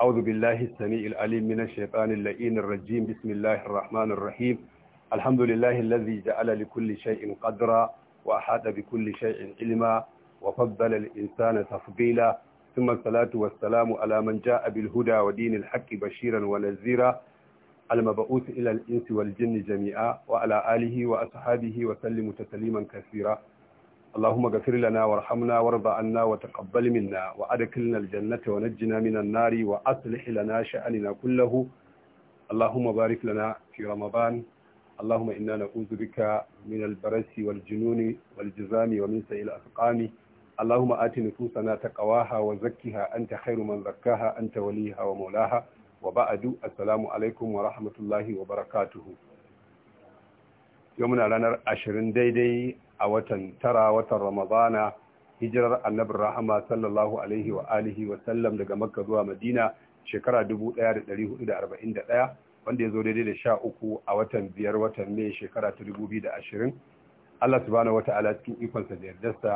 أعوذ بالله السميع العليم من الشيطان اللئين الرجيم بسم الله الرحمن الرحيم الحمد لله الذي جعل لكل شيء قدرا وأحاط بكل شيء علما وفضل الإنسان تفضيلا ثم الصلاة والسلام على من جاء بالهدى ودين الحق بشيرا ونذيرا المبعوث إلى الإنس والجن جميعا وعلى آله وأصحابه وسلم تسليما كثيرا اللهم اغفر لنا وارحمنا وارض عنا وتقبل منا وأدخلنا الجنة ونجنا من النار وأصلح لنا شأننا كله اللهم بارك لنا في رمضان اللهم إنا نعوذ بك من البرس والجنون والجزام ومن سيء الأسقام اللهم آت نفوسنا تقواها وزكها أنت خير من زكاها أنت وليها ومولاها وبعد السلام عليكم ورحمة الله وبركاته يومنا لنا عشرين ديدي a watan tara watan ramadana hijirar annabin rahama sallallahu alaihi wa alihi wa sallam daga makka zuwa madina shekara 1441 wanda ya zo daidai da sha uku a watan biyar watan mai shekara ta 2020 Allah subhanahu ta'ala cikin ikonsa da yardarsa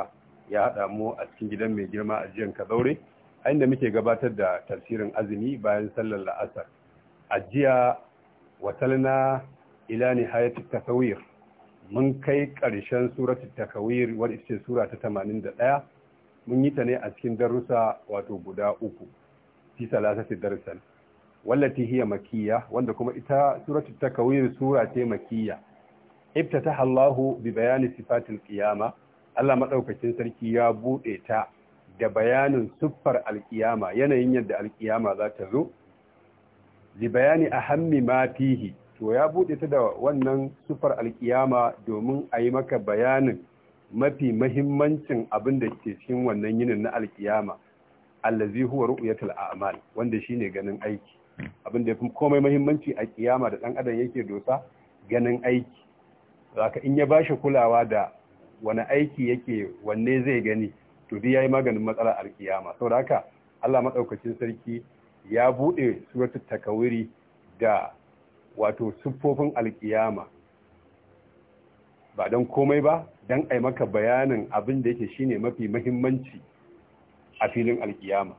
ya haɗa mu a cikin gidan mai girma a jiyan kazaure a inda muke gabatar da tafsirin azumi bayan sallar la'asar a jiya watalna ila nihayatul tasawir mun kai ƙarshen suratu takawir wadda ita sura ta 81 mun yi ta ne a cikin darussa wato guda uku fi salasati darsan wallati hiya makiyya wanda kuma ita suratu takawir sura ce makiyya iftataha Allahu bi bayani sifatil qiyama Allah maɗaukacin sarki ya buɗe ta da bayanin siffar alkiyama yanayin yadda alkiyama za ta zo li bayani ahammi ma fihi to ya buɗe ta da wannan sufar alkiyama domin a yi maka bayanin mafi mahimmancin abin da ke cikin wannan yinin na alkiyama allazi huwa ru'yatul a'mal wanda shine ganin aiki abin da komai mahimmanci a kiyama da dan adam yake dosa ganin aiki zaka in ya bashi kulawa da wani aiki yake wanne zai gani to duk yayi maganin matsalar alkiyama saboda haka Allah madaukakin sarki ya bude suratul takawiri da wato siffofin alƙiyama ba don komai ba don ai maka bayanin abin da yake shine mafi mahimmanci a filin alkiyama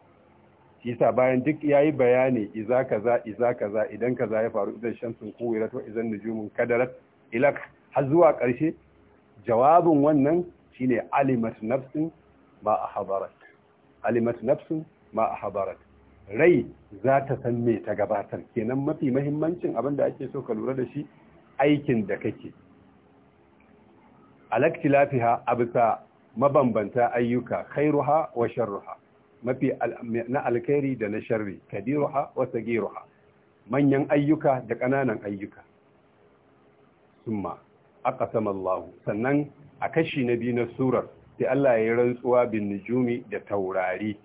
yasa bayan duk ya yi bayani iza kaza iza kaza idan kaza ya faru idan shamsun kuwirat wa idan nujumun kadarat ilak har zuwa ƙarshe jawabin wannan shine alimat nafsin ma habarat alimat nafsin ma habarat. rai za ta san me ta gabatar kenan mafi mahimmancin abin da ake so ka lura da shi aikin da kake alaktilafiha abisa mabambanta ayyuka khairuha wa sharruha mafi na alkhairi da na sharri kadiruha wa sagiruha manyan ayyuka da ƙananan ayyuka summa aqsama Allah sannan a kashi na biyu na surar sai Allah ya yi rantsuwa bin nujumi da taurari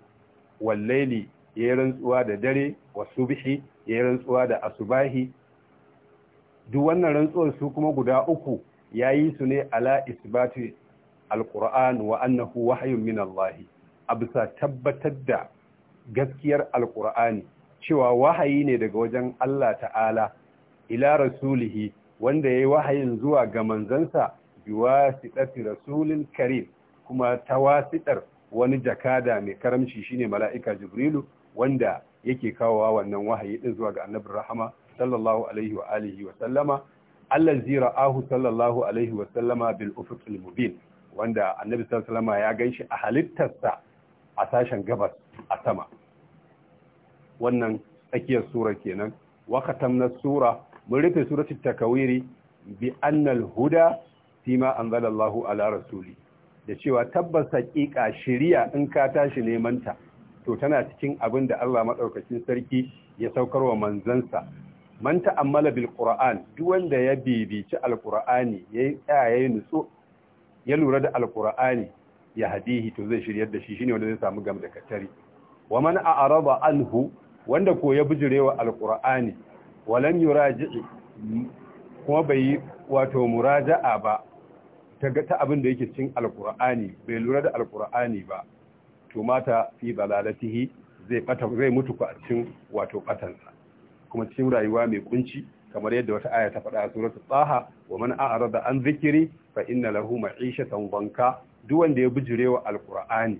wallaili ya rantsuwa da dare wa subhi ya yi rantsuwa da asubahi duk wannan rantsuwar su kuma guda uku ya yi su ne ala isbati alquran wa annahu wahyun min Allah a tabbatar da gaskiyar alqur'ani cewa wahayi ne daga wajen Allah ta'ala ila rasulihi wanda yayi wahayin zuwa ga manzansa biwasitati rasulin karim kuma ta wasitar wani jakada mai karamci shine mala'ika jibrilu wanda yake kawowa wannan wahayi din zuwa ga annabi rahama sallallahu alaihi wa alihi wa sallama allazi ra'ahu sallallahu alaihi wa sallama bil al mubin wanda annabi sallallahu alaihi wa sallama ya ganshi a halittarsa a sashen gabas a sama wannan tsakiyar sura kenan wa khatamna sura mun rufe suratul takawiri bi al huda fima anzalallahu ala rasuli da cewa tabbas haƙiƙa shiriya in ka tashi neman ta to tana cikin abin da Allah madaukakin sarki ya saukarwa manzansa man ta'ammala bil qur'an duk wanda ya bibici Al-ƙur'ani, yi yayi ya nutsu ya lura da al Qur'ani ya hadihi to zai shiryar da shi shine wanda zai samu gam da katari wa man a'rada anhu wanda ko ya bijirewa alqur'ani walam yuraji'i kuma bai wato muraja'a ba ta ga ta abin da yake cikin alqur'ani bai lura da alqur'ani ba to mata fi balalatihi zai bata zai mutu ku a cikin wato batansa kuma cikin rayuwa mai kunci kamar yadda wata aya ta faɗa a suratul taha wa man a'rada an zikiri fa inna lahu ma'ishatan banka duk wanda ya bijirewa alqur'ani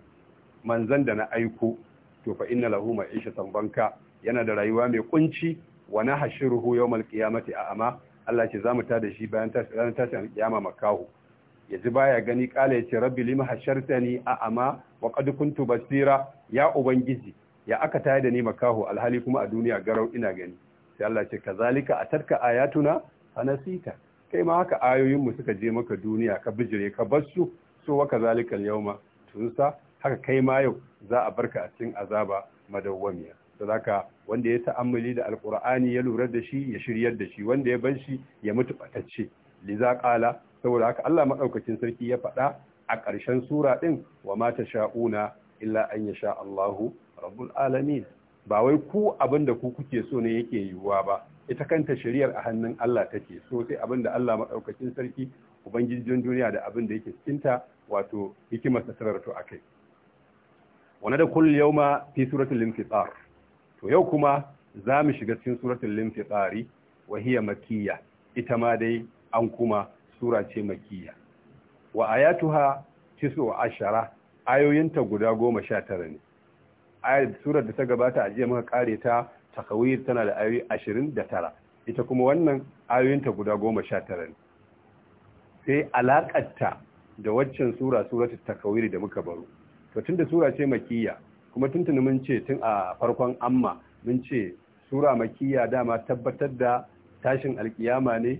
manzan da na aiko to fa inna lahu ma'ishatan banka yana da rayuwa mai kunci wa nahshuruhu yawmal qiyamati a'ama Allah ce za zamu tada shi bayan ranar tashin alkiyama makahu yanzu baya gani kala ce rabbi lima hashartani a ama wa qad kuntu basira ya ubangiji ya aka tayar da ni makaho alhali kuma a duniya garau ina gani sai Allah ce kazalika atarka ayatuna fanasita kai ma haka ayoyin mu suka je maka duniya ka bijire ka su, so wa kazalika alyawma tunsa haka kai ma yau za a barka a cikin azaba madawwamiya sadaka wanda ya ta'ammuli da alqur'ani ya lura da shi ya shiryar da shi wanda ya bar shi ya mutu batacce liza qala saboda haka Allah madaukakin sarki ya faɗa a ƙarshen sura ɗin, wa ma shauna illa an yasha Allahu rabbul alamin ba wai ku abinda ku kuke so ne yake yiwuwa ba ita kanta shari'ar a hannun Allah take so sai abinda Allah madaukakin sarki ubangijin duniya da abinda yake cikinta wato hikimar tasarar to akai wani da kullum yauma fi suratul infitar to yau kuma za mu shiga cikin suratul linfitari wa hiya makiyya ita ma dai an kuma sura ce makiyya wa ayatuha tisu ashara ayoyinta guda goma sha tara ne ayar surar da ta gabata a jiya muka kare ta takawir tana da ayoyi ashirin da tara ita kuma wannan ayoyinta guda goma sha tara ne sai alaƙarta da waccan sura suratul takawir da muka baro to tunda sura ce makiyya kuma tuntuni mun ce tun a farkon amma mun ce sura makiyya dama tabbatar da tashin alkiyama ne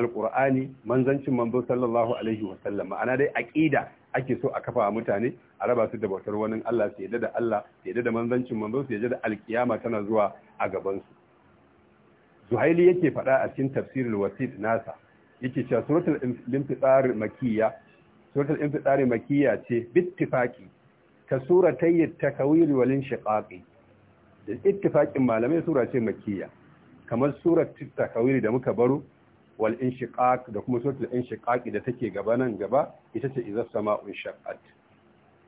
alqur'ani manzancin manzo sallallahu alaihi wa sallam ma'ana dai aqida ake so a kafa mutane a raba su da bautar wani Allah su yadda da Allah su yadda da manzancin manzo su yadda da alkiyama tana zuwa a gaban su Zuhaili yake faɗa a cikin tafsirul wasit nasa yake cewa suratul infitar makiyya suratul infitar makiyya ce bittifaqi ka suratay at-takawir wal inshiqaqi da ittifaqin malamai sura ce makiyya kamar surat takawiri da muka baro wal inshiqaq da kuma suratul inshiqaqi da take gaba nan gaba ita ce idza sama'un shaqqat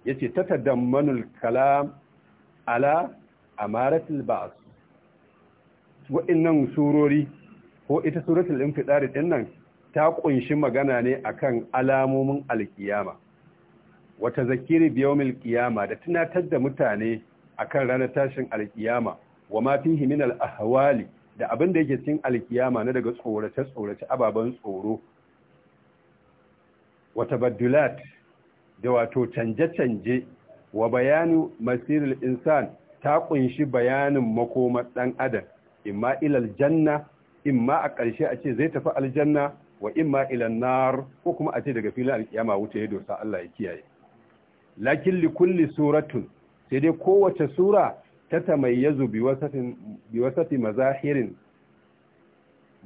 yace tatadammanul kalam ala amaratil ba's innan surori ko ita suratul infidari din nan ta kunshi magana ne akan alamomin alkiyama wata zakiri biyawmil qiyama da tunatar da mutane akan ranar tashin alkiyama wa ma fihi min al ahwali da abin da yake cin alkiyama na daga tsorace tsorace ababen tsoro wata badulat da wato canje-canje wa bayanu masiril insan ta kunshi bayanin makomar dan adam imma ilal janna imma a ƙarshe a ce zai tafi aljanna wa imma ilal nar ko kuma a ce daga filin alkiyama wuta ya dosa Allah ya kiyaye lakin li suratun sai dai kowace sura تتميز بوسط بوسط مظاهر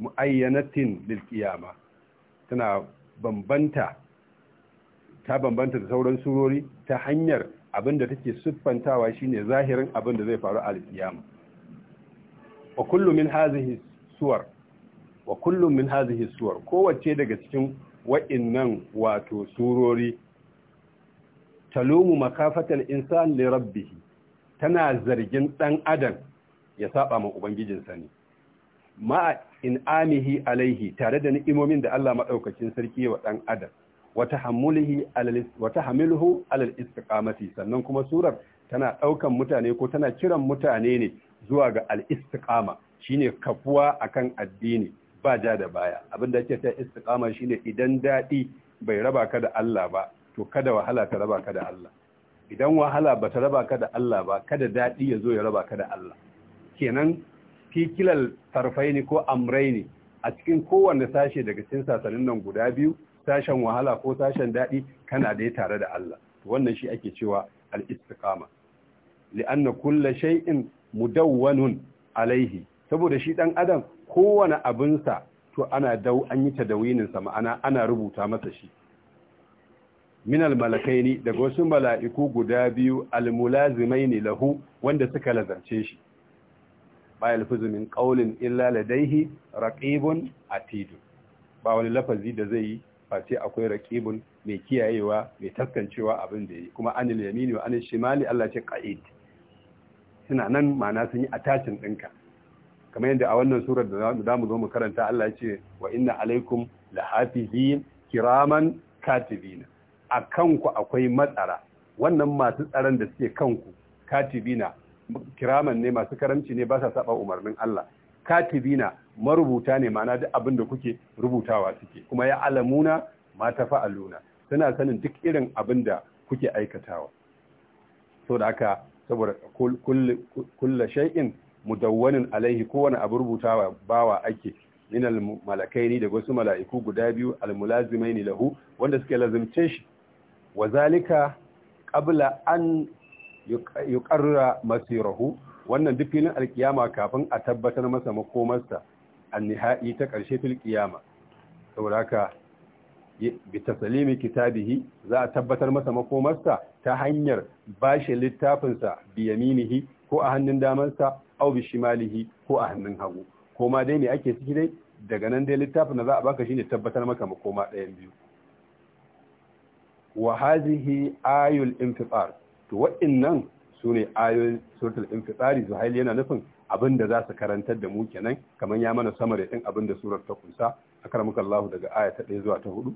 معينة للقيامة tana bambanta ta bambanta da sauran surori ta hanyar abinda take siffantawa shine zahirin abinda zai faru a kiyama wa kullum min hadhihi suwar wa min suwar kowace daga cikin wa'innan wato surori talumu makafatal insan li rabbih tana zargin ɗan adam ya saba ma ubangijinsa ne ma'a amihi alaihi tare da ni'imomin da Allah maɗaukacin sarki wa ɗan adam wata hamiluhu alal istiƙamati sannan kuma surar tana ɗaukan mutane ko tana kiran mutane ne zuwa ga al shi shine kafuwa a kan addini ba ja da baya Abin da ake ta shi shine idan daɗi bai raba ka da Allah ba to kada wahala ta raba ka da Allah idan wahala ba ta raba ka da Allah ba kada daɗi ya zo ya raba ka da Allah kenan tarfai ne ko ne. a cikin kowanne sashe daga cikin sasanin nan guda biyu sashen wahala ko sashen daɗi kana da tare da Allah wannan shi ake cewa al-istiqama li'anna kullu shay'in mudawwanun alaihi saboda shi dan adam kowane abinsa to ana dau an yi tadawinin sa ma'ana ana rubuta masa shi min almalakaini daga wasu mala'iku guda biyu ne lahu wanda suka lazarce shi ba yalfuzu min qawlin illa ladayhi raqibun atid ba wani lafazi da zai yi face akwai raqibun mai kiyayewa mai taskancewa abin da yi kuma anil yamini wa anil shimali Allah ce ƙa'id suna nan ma'ana sun yi attachin ɗinka. kamar yadda a wannan surar da za mu zo mu karanta Allah ya ce wa inna alaikum lahafizin kiraman katibina a kanku akwai matsara wannan masu tsaron da suke kanku katibina kiraman ne masu karamci ne ba sa saba umarnin Allah katibina marubuta ne ma'ana duk abin da kuke rubutawa suke kuma ya alamuna ma ta fa'aluna suna sanin duk irin abin da kuke aikatawa so da aka saboda kullu shay'in mudawwanin alaihi kowane abu rubutawa bawa ake min al malakaini da wasu mala'iku guda biyu al mulazimaini lahu wanda suke lazimce shi Wazalika, ƙabla qabla an yuqarra masirahu wannan duk filin alkiyama kafin a tabbatar masa makomarsa annihai ta ƙarshe fil kiyama bita haka bi kitabihi za a tabbatar masa makomarsa ta hanyar bashi littafinsa biyaminihi ko a hannun damansa au bi ko a hannun hagu ko ma dai ne ake ciki dai daga nan dai littafin da za a baka shine tabbatar maka makoma ɗayan biyu wa hazihi ayul infitar to wa'innan sune ayoyin suratul infitar zuhail yana nufin abin da za su karantar da mu kenan kamar ya mana samar din abin da surar ta kunsa akramaka Allah daga aya ta 1 zuwa ta 4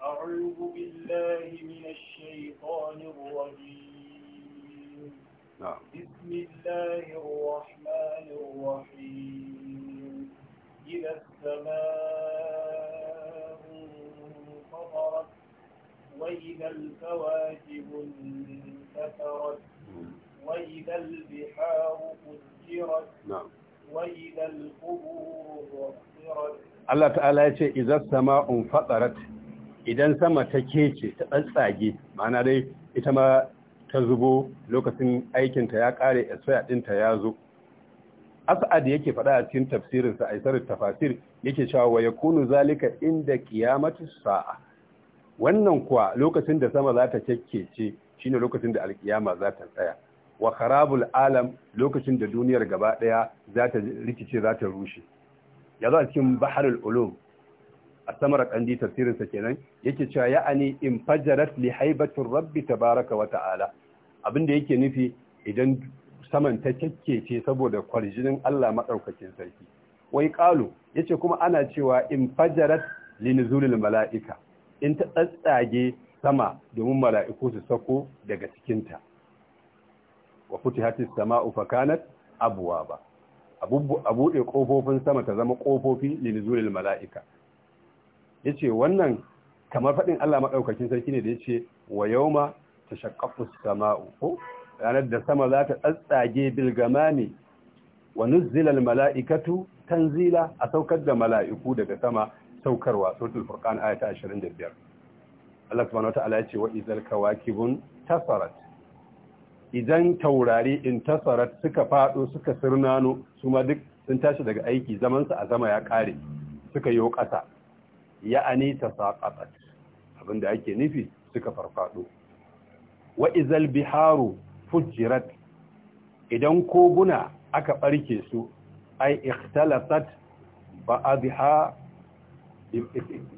a'udhu billahi minash shaitanir rajim bismillahir rahmanir rahim idha samaa وإذا الكواكب انتثرت وإذا البحار فجرت وإذا القبور بحضرت Allah ta'ala ya ce idan sama'un fatarat idan sama ta kece ta tsatsage ma'ana dai ita ma ta zubo lokacin aikinta ya kare esfaya ɗinta ya zo as'ad yake faɗa a cikin tafsirin sa isarar tafasir yake cewa wa yakunu zalika inda qiyamatu sa'a wannan kuwa lokacin da sama za ta shi shine lokacin da alkiyama za ta tsaya wa kharabul alam lokacin da duniyar gaba daya za ta rikice za ta rushe ya zo cikin baharul ulum a samar kandi tafsirin sa kenan yake cewa ya'ani in fajarat li haibatur rabbi tabaraka wa ta'ala abinda yake nufi idan saman ta kekkece saboda kwarjinin Allah madaukakin sarki wai Ya yace kuma ana cewa in fajarat li nuzulil mala'ika in ta tsatsage sama domin mala'iku su sako daga cikinta wa futihatis sama'u abuwa ba, a buɗe ƙofofin sama ta zama ƙofofi lilizulil mala'ika ya ce wannan kamar faɗin Allah maɗaukacin sarki ne da ya ce wa yau ma ta shakafus sama'u ko ranar da sama za ta tsatsage ne? wa nuzzilal mala'ikatu tanzila a saukar da mala'iku daga sama saukarwa suratul furqan ayata 25 Allah subhanahu wataala ya ce wa izal kawakibun tasarat idan taurari in tasarat suka fado suka sirnano su duk sun tashi daga aiki zaman a zama ya kare suka yi ƙasa ya'ani tasaqat abinda ake nufi suka farfado wa izal biharu fujirat idan koguna aka barke su ai ikhtalasat ba'adha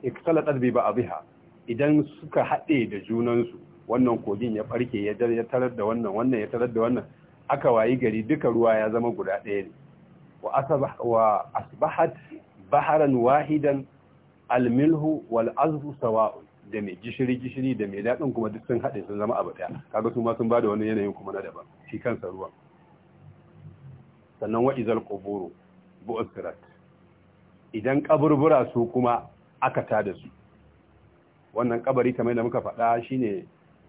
ikhtalatat a biha idan suka haɗe da junansu wannan kogin ya farke ya tarar da wannan wannan ya tarar da wannan aka wayi gari duka ruwa ya zama guda ɗaya ne wa asbahat baharan wahidan almilhu wal azfu sawa'un da mai gishiri gishiri da mai daɗin kuma duk sun haɗe sun zama abu ɗaya kaga su ma sun bada wani yanayin kuma na daban shi kansa ruwan sannan wa izal quburu bu'sirat idan kaburbura su kuma aka ta da su wannan kabari kamar da muka faɗa shine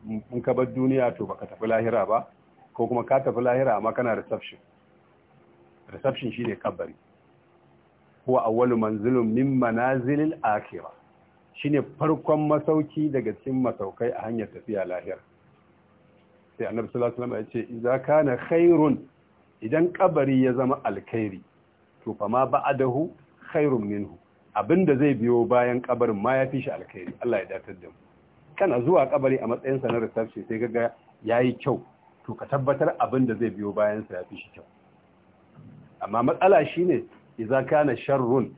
in ka duniya to baka tafi lahira ba ko kuma ka tafi lahira amma kana reception reception shine kabari huwa awwalu manzilun min manazilil akhirah shine farkon masauki daga cikin masaukai a hanyar tafiya lahira sai annabi sallallahu alaihi wasallam ya ce idza kana khairun idan kabari ya zama alkhairi to fa ma ba'adahu khairun minhu abinda zai biyo bayan kabarin ma ya fi shi alkhairi Allah ya datar da mu kana zuwa kabari a matsayin sa na reception sai kaga yayi kyau to ka tabbatar abinda zai biyo bayan sa ya fi shi kyau amma matsala shine idza kana sharrun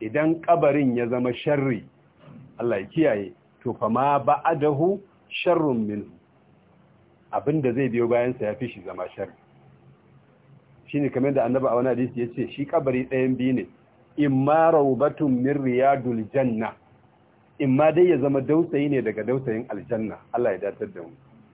idan kabarin ya zama sharri Allah ya kiyaye to fa ma ba'adahu sharrun minhu abinda zai biyo bayan sa ya fi shi zama sharri shine kamar da annabi a wani hadisi yace shi kabari ɗayan biyu ne imma raubatun min riyadul janna imma dai ya zama dausayi ne daga dausayin aljanna Allah ya datar da mu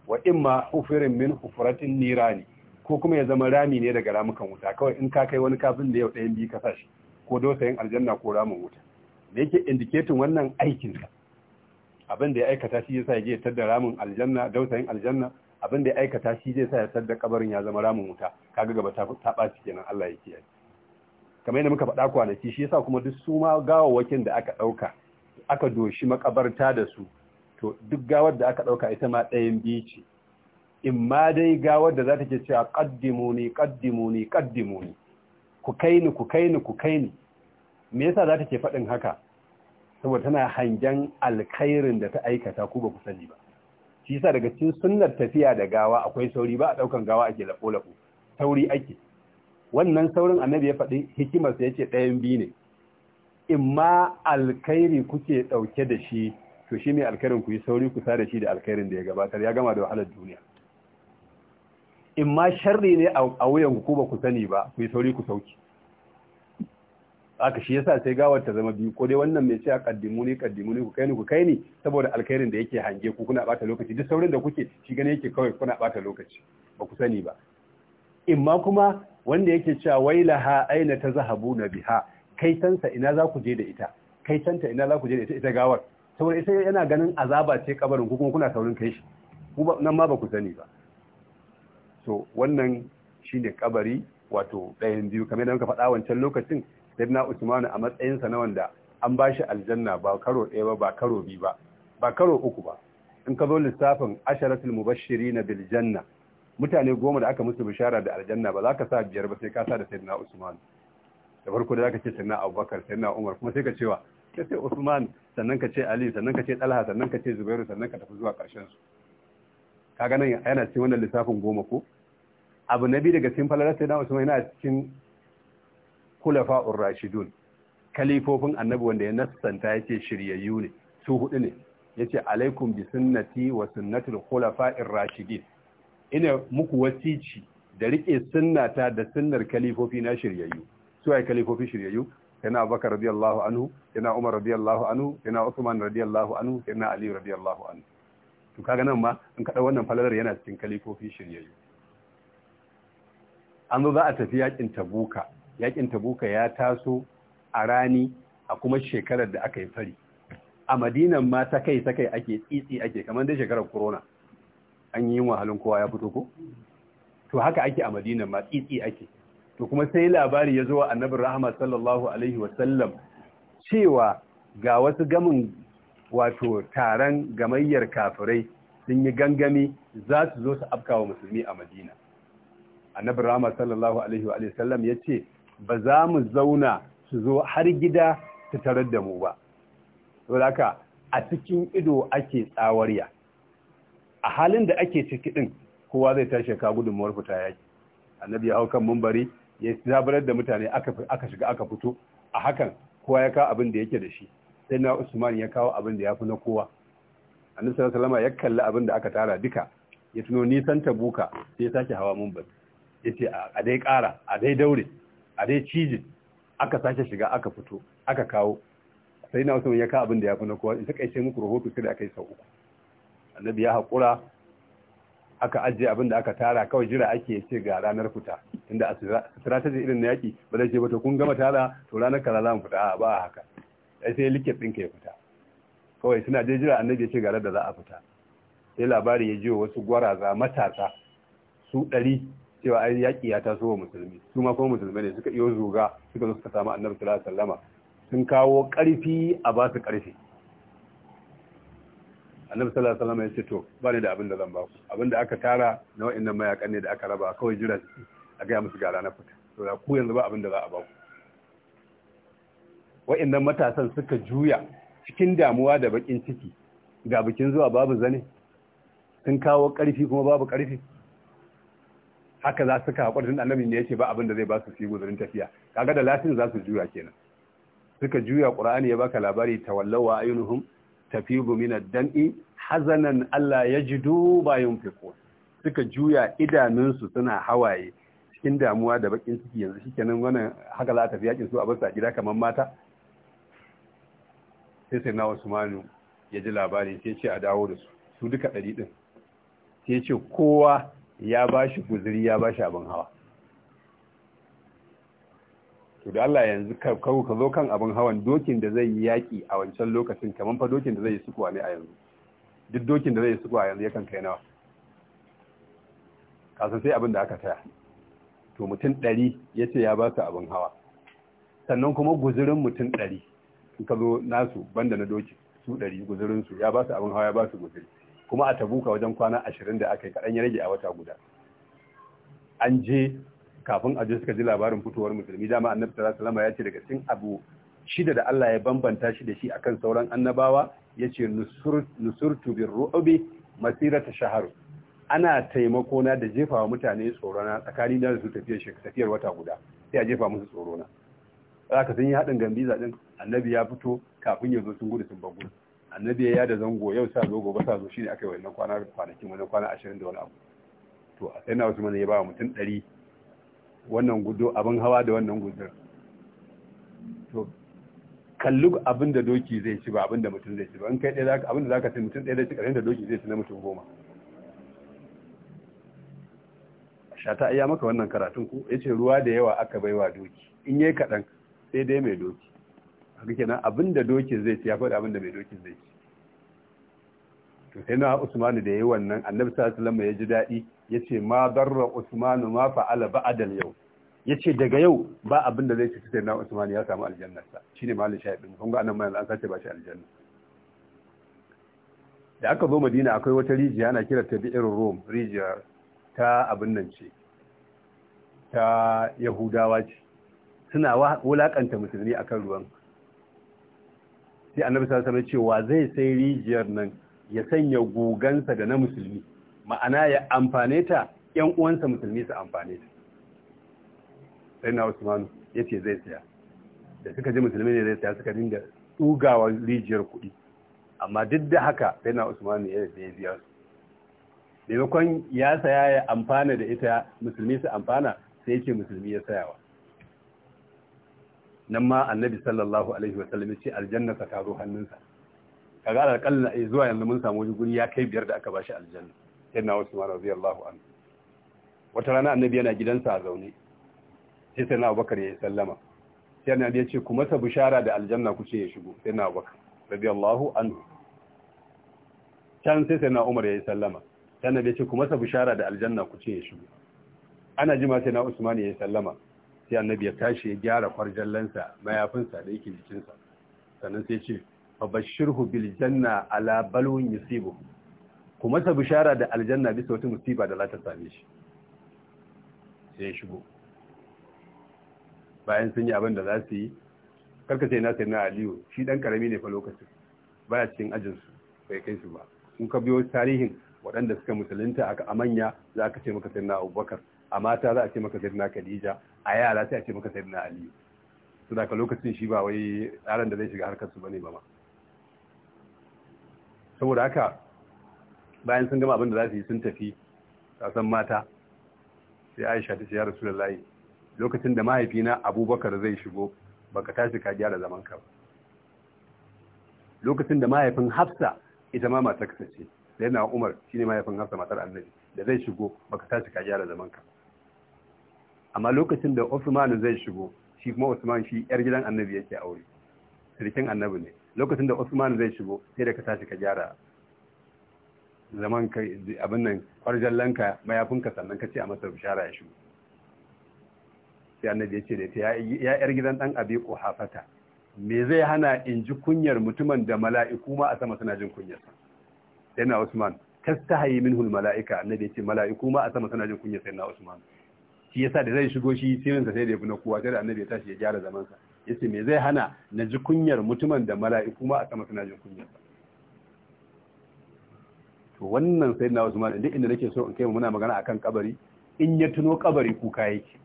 wa imma hufirin min hufratin nirani ko kuma ya zama rami ne daga ramukan wuta kawai in ka kai wani kafin da yau ɗayan biyu ka sashi ko dausayin aljanna ko ramin wuta da yake indiketin wannan aikin abin da ya aikata shi yasa ya je tar ramin aljanna dausayin aljanna abin da ya aikata shi zai sa ya tada kabarin ya zama ramin wuta kaga gaba ta ɓaci kenan Allah ya kiyaye kamar yadda muka faɗa kwanaki shi yasa kuma duk su ma gawawakin da aka ɗauka aka doshi makabarta da su to duk gawar da aka ɗauka ita ma ɗayan biyu ce in ma dai gawar da za ta ke cewa ƙaddimu ni ƙaddimu ni ƙaddimu ni ku kai ni ku kai ni ku kai ni me yasa za ta ke faɗin haka saboda tana hangen alkhairin da ta aikata ku ba ku sani ba shi yasa daga cikin sunnar tafiya da gawa akwai sauri ba a ɗaukan gawa ake laɓo-laɓo sauri ake wannan saurin annabi ya faɗi hikimarsa ya ce ɗayan biyu ne in ma alkhairi kuke ɗauke da shi to shi ne alkhairin ku yi sauri ku sa da shi da alkhairin da ya gabatar ya gama da wahalar duniya in ma sharri ne a wuyan ku ba ku sani ba ku yi sauri ku sauki aka shi yasa sai gawar ta zama biyu ko dai wannan mai a kaddimu ne kaddimu ne ku kai ni ku kai ni saboda alkhairin da yake hange ku kuna bata lokaci duk saurin da kuke shi gane yake kawai kuna bata lokaci ba ku sani ba in ma kuma wanda yake cewa wailaha aina na biha kai tansa ina za ku je da ita Kai tanta ina za ku je da ita ita gawar saboda ita yana ganin azaba ce kabarin ku kuma kuna saurin kai shi ku nan ma ba ku sani ba so wannan shine kabari wato ɗayan biyu kamar yadda muka faɗa wancan lokacin sayyidina Usman a matsayin sa na wanda an ba shi aljanna ba karo ɗaya ba ba karo biyu ba ba karo uku ba in ka zo lissafin asharatul mubashirin bil janna mutane goma da aka musu bishara da aljanna ba za ka sa biyar ba sai ka sa da sayyidina usman da farko da za ka ce sayyidina abubakar sayyidina umar kuma sai ka cewa sai sai usman sannan ka ce ali sannan ka ce talha sannan ka ce zubairu sannan ka tafi zuwa karshen su kaga nan yana cikin wannan lissafin goma ko abu na biyu daga cikin falalar sayyidina usman yana cikin kulafa'ur rashidun kalifofin annabi wanda ya nassanta ya ce shiryayyu ne su hudu ne ya ce alaikum bi sunnati wa sunnatul khulafa'ir rashidin ina muku wasici da rike ta da sunnar kalifofi na shiryayyu su ai kalifofi shiryayyu yana Abubakar radiyallahu anhu yana Umar radiyallahu anhu yana Usman radiyallahu anhu yana Ali radiyallahu anhu to kaga nan ma in kada wannan falalar yana cikin kalifofi shiryayyu an za a tafi yakin Tabuka yakin Tabuka ya taso a rani a kuma shekarar da aka yi fari a madinan ma ta kai ta kai ake tsitsi ake kamar dai shekarar corona an yi wahalin kowa ya fito ko to haka ake a madina ma tsitsi ake to kuma sai labari ya zo wa annabin rahama sallallahu alaihi wasallam cewa ga wasu gamin wato taron gamayyar kafirai sun yi gangami za su zo su afkawa musulmi a madina annabin rahama sallallahu alaihi wasallam ya ce ba za mu zauna su zo har gida su tarar da mu ba. Saboda a cikin ido ake tsawarya. a halin da ake ciki din kowa zai tashi ka gudunmuwar fita yaki annabi ya hau kan mumbari ya zabarar da mutane aka shiga aka fito a hakan kowa ya kawo abin da yake da shi sai na usman ya kawo abin da ya fi na kowa annabi sallallahu alaihi ya kalli abin da aka tara duka ya tuno nisan tabuka sai ya sake hawa mumbari ce a dai ƙara a dai daure a dai cije aka sake shiga aka fito aka kawo sai na usman ya kawo abin da ya fi na kowa in ta kaice muku rahoto sai da aka yi sau uku annabi ya haƙura aka ajiye abin da aka tara kawai jira ake ce ga ranar fita inda a strategy irin na yaƙi ba zai ce ba to kun gama tara to ranar kaza za mu fita ba a haka sai likit ɗin ka ya fita kawai suna je jira annabi ya ce ga da za a fita sai labari ya jiwa wasu gwaraza matasa su ɗari cewa ai yaƙi ya taso wa musulmi su ma kuma musulmi ne suka iyo zuga suka zo suka samu annabi sallallahu alaihi wasallama sun kawo ƙarfi a ba su ƙarfi annabi sallallahu alaihi wasallam ya ce to ba ni da abin da zan ba ku abin da aka tara na wa'annan mayakan ne da aka raba kawai jira a gaya musu gara na fita to da ku yanzu ba abin da za a ba ku wa'annan matasan suka juya cikin damuwa da bakin ciki ga bikin zuwa babu zane sun kawo karfi kuma babu karfi haka za su ka tun annabi ne yace ba abin da zai ba su fi guzurin tafiya kaga da latin za su juya kenan suka juya qur'ani ya baka labari tawallawa ayunuhum tafigu min ad-dam'i hazanan Allah yajidu ba yunfiqun suka juya idanunsu suna hawaye cikin damuwa da bakin ciki yanzu shikenan wannan haka za ta fi yakin su a barsa gida kamar mata sai sai na Usmanu ya ji labarin sai ce a dawo da su su duka ɗari ɗin sai ce kowa ya bashi shi guzuri ya bashi abin hawa to da Allah yanzu ka ka zo kan abin hawan dokin da zai yi yaki a wancan lokacin kamar fa dokin da zai yi sukuwa ne a yanzu duk dokin da zai yi sukuwa yanzu yakan kai nawa kasan sai abin da aka taya to mutum ɗari ya ce ya ba su abin hawa sannan kuma guzurin mutum ɗari in ka zo nasu banda na doki su ɗari guzurinsu ya ba su abin hawa ya ba su guzuri kuma a tabuka wajen kwana ashirin da aka yi kaɗan ya rage a wata guda an je kafin a je suka ji labarin fitowar musulmi dama annabi sallallahu alaihi wasallam ya ce daga cikin abu shida da Allah ya bambanta shi da shi akan sauran annabawa yace nusurtu bir ru'bi masirata shahar ana taimako na da jefawa mutane tsoro na tsakani da su tafiyar shi tafiyar wata guda sai a jefa musu tsoro na zaka sun yi hadin gambiza din annabi ya fito kafin ya zo sun gudu sun bagu annabi ya da zango yau sa zo gobe sa zo shine akai wannan kwana kwanakin wannan kwana 20 da wani abu to a sai na wasu mana ya ba mutum 100 wannan gudu abin hawa da wannan gudur to kallu abin da doki zai ci ba abin da mutum zai ci ba in kai ɗaya zaka abin da zaka ci mutum ɗaya zai ci karin da doki zai ci na mutum goma shata iya maka wannan karatun ku yace ruwa da yawa aka baiwa doki in yayi kaɗan sai dai mai doki haka kenan abin da doki zai ci ya faɗi abin da mai doki zai ci to sai na Usman da yayi wannan Annabi sallallahu alaihi wasallam ya ji daɗi yace ma darra usmanu ma fa'ala ba'adal yau yace daga yau ba abin da zai ci sai na usman ya samu aljannarsa sa shine malin shahidin kun ga anan mai an sace ba shi aljanna da aka zo madina akwai wata rijiya ana kira ta bi'ir rum rijiya ta abin nan ce ta yahudawa ce suna wulakanta musulmi akan ruwan sai annabi sallallahu alaihi wasallam ce wa zai sai rijiyar nan ya sanya gugansa da na musulmi ma'ana ya amfane ta ‘yan uwansa musulmi su amfane ta sai na usmanu ya ce zai saya da suka ji musulmi ne zai saya suka dinga tsugawa rijiyar kuɗi amma duk da haka sai na usmanu ya biya su maimakon ya saya ya amfana da ita musulmi su amfana sai yake musulmi ya sayawa nan ma annabi sallallahu alaihi wa sallam ce aljanna ta taro hannunsa kaga alƙalla eh, zuwa yanzu mun samu wani guri ya kai biyar da aka bashi aljanna sayyidina Usman radiyallahu anhu wata rana annabi yana gidansa a zaune sai sayyidina Abubakar ya sallama sai annabi ya ce ku masa bishara da aljanna ku ce ya shigo sayyidina Abubakar radiyallahu anhu can sai sayyidina Umar ya sallama sai annabi ya ce ku masa bishara da aljanna ku ce ya shigo ana jima sayyidina Usman ya sallama sai annabi ya tashi ya gyara kwarjallansa mayafinsa da yake jikinsa sannan sai ya ce fa bashirhu bil janna ala balwin yusibu ku masa bishara da aljanna bisa wata musiba da za same shi sai ya shigo bayan sun yi abin da za su yi karka sai na sai na aliyu shi dan karami ne fa lokacin baya cikin ajinsu bai kai su ba in ka biyo tarihin waɗanda suka musulunta a manya za ka ce maka sai na abubakar a mata za a ce maka sai na khadija a yara sai a ce maka sai na aliyu su da ka lokacin shi ba wai tsarin da zai shiga harkar su bane ba ma saboda haka bayan sun gama abin da za su yi sun tafi san mata sai aisha ta ce ya rasu layi lokacin da mahaifina abubakar zai shigo baka tashi ka gyara zaman ka lokacin da mahaifin hafsa ita ma mata kasance da yana umar ne mahaifin hafsa matar annabi da zai shigo baka tashi ka gyara zaman ka amma lokacin da usman zai shigo shi kuma usman shi yar gidan annabi yake aure sirkin annabi ne lokacin da usman zai shigo sai da ka tashi ka gyara zaman ka abin nan mayafin mayafinka sannan ka ce a masa bishara ya shigo sai annabi ya ce da ya yar gidan dan abi hafata me zai hana in ji kunyar mutumin da mala'iku ma a sama suna jin kunyarsa sai na usman tastahayi minhu mala'ika annabi ya ce mala'iku ma a sama suna jin kunyar sai na usman shi yasa da zai shigo shi sa sai da na kowa sai da annabi ya tashi ya gyara zamansa sa yace me zai hana na ji kunyar mutumin da mala'iku ma a sama suna jin kunyarsa wannan sai na Usman duk inda nake so in kai muna magana akan kabari in ya tuno kabari kuka yake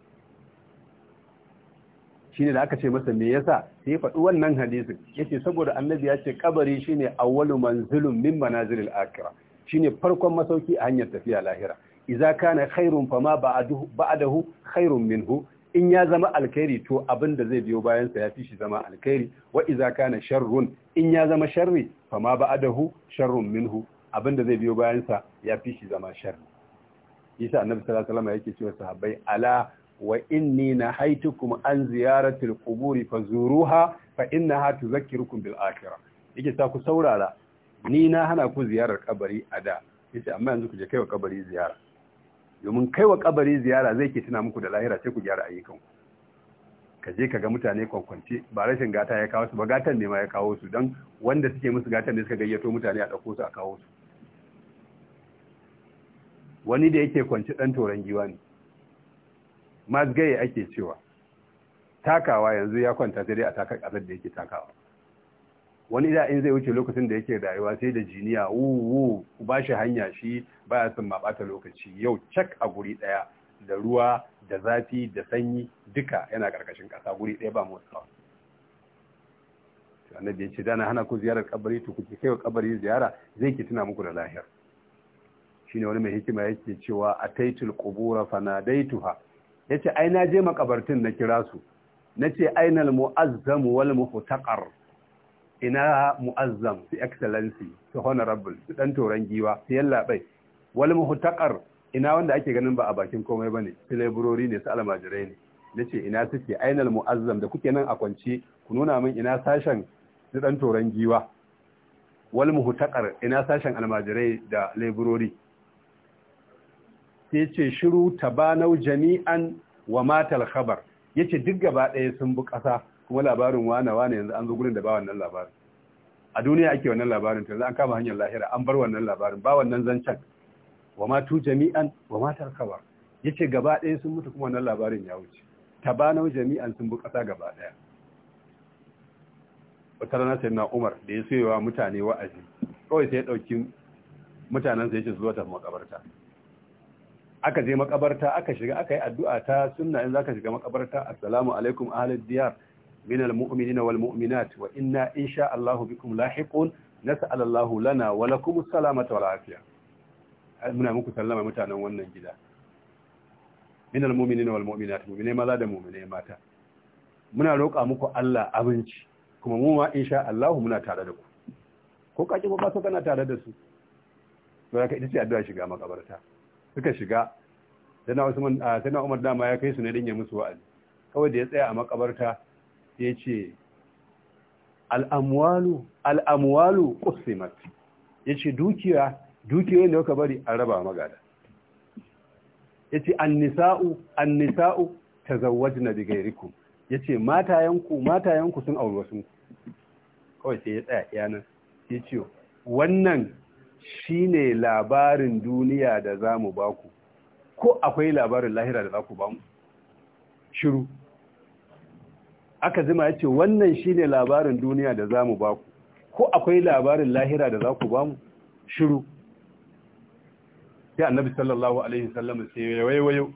shine da aka ce masa me yasa sai ya faɗi wannan hadisin yace saboda annabi ya ce kabari shine awwalu manzilun min manazilil akhirah shine farkon masauki a hanyar tafiya lahira idza kana khairun fama ba'dahu ba'adahu khairun minhu in ya zama alkhairi to abin da zai biyo bayan sa yafi shi zama alkhairi wa idza kana sharrun in ya zama sharri fama ba'adahu sharrun minhu abin da zai biyo bayansa ya fi shi zama sharri isa annabi sallallahu alaihi wasallam yake cewa sahabbai ala wa inni nahaitukum an ziyaratil quburi fazuruha fa innaha tuzakkirukum bil akhirah yake sa ku saurara ni na hana ku ziyarar kabari a da yace amma yanzu ku je kaiwa kabari ziyara domin kaiwa kabari ziyara zai ke tuna muku da lahira sai ku gyara ayyukan ka je ka ga mutane kwankwance ba rashin gata ya kawo su ba gatan ne ma ya kawo su don wanda suke musu gatan ne suka gayyato mutane a ɗauko su a kawo su wani da yake kwanci ɗan toron giwa ne mazgaye ake cewa takawa yanzu ya kwanta sai dai a taka ƙasar da yake takawa wani da in zai wuce lokacin da yake rayuwa sai da jiniya wuwu ba shi hanya shi baya son mabata lokaci yau cak a guri ɗaya da ruwa da zafi da sanyi duka yana ƙarƙashin ƙasa guri ɗaya ba motsawa annabi ya ce dana hana ku ziyarar kabari to kuke kai wa kabari ziyara zai ki tuna muku da lahira shine wani mai hikima yake cewa a ataitul qubura fanadaituha yace ai na je makabartin na kira su nace ainal muazzam wal muhtaqar ina muazzam su excellency to honorable su dan toran giwa su yallabai wal muhtaqar ina wanda ake ganin ba a bakin komai bane su laborori ne su almajirai ne nace ina suke ainal muazzam da kuke nan a kwance ku nuna min ina sashen su dan toran giwa wal muhtaqar ina sashen almajirai da laborori sai ce shiru ta banau jami'an wa matal khabar yace duk gaba ɗaya sun bu ƙasa kuma labarin wane wane yanzu an zo gurin da ba wannan labarin a duniya ake wannan labarin to an kama hanyar lahira an bar wannan labarin ba wannan zancen wa matu jami'an wa matal khabar yace gaba ɗaya sun mutu kuma wannan labarin ya wuce Ta banau jami'an sun bu ƙasa gaba ɗaya wata rana sai na Umar da ya sayo wa mutane wa'azi kawai sai ya ɗauki mutanen sai ya ce zuwa ta makabarta aka je makabarta aka shiga aka yi addu'a ta sunna in zaka shiga makabarta assalamu alaikum ahlal diyar min almu'minina wal mu'minat wa inna insha Allah bikum lahiqun nas'alallahu lana wa lakum as-salamata wal afiya muna muku sallama mutanen wannan gida min almu'minina wal mu'minat mu'mine maza da mu'mine mata muna roƙa muku Allah abinci kuma mu ma insha Allah muna tare da ku ko kake ba so kana tare da su to haka ita ce addu'a shiga makabarta suka shiga sana usman ah, sana umar dama ya kai su ne dinga musu wa'azi kawai da ya tsaya a makabarta ya ce al'amwalu al'amwalu qusimat ce dukiya dukiyoyin da kuka bari an raba magada ce an-nisa'u an-nisa'u tazawwajna bi Ya ce matayanku matayanku sun auri wasu kawai sai ya tsaya yana ce, wannan shine labarin duniya da za mu baku ko akwai labarin lahira da za ku ba mu? shiru aka zima ya ce wannan shine labarin duniya da za mu baku ko akwai labarin lahira da za ku ba mu? shiru sai annabi sallallahu alaihi sallam sai ya waiwayo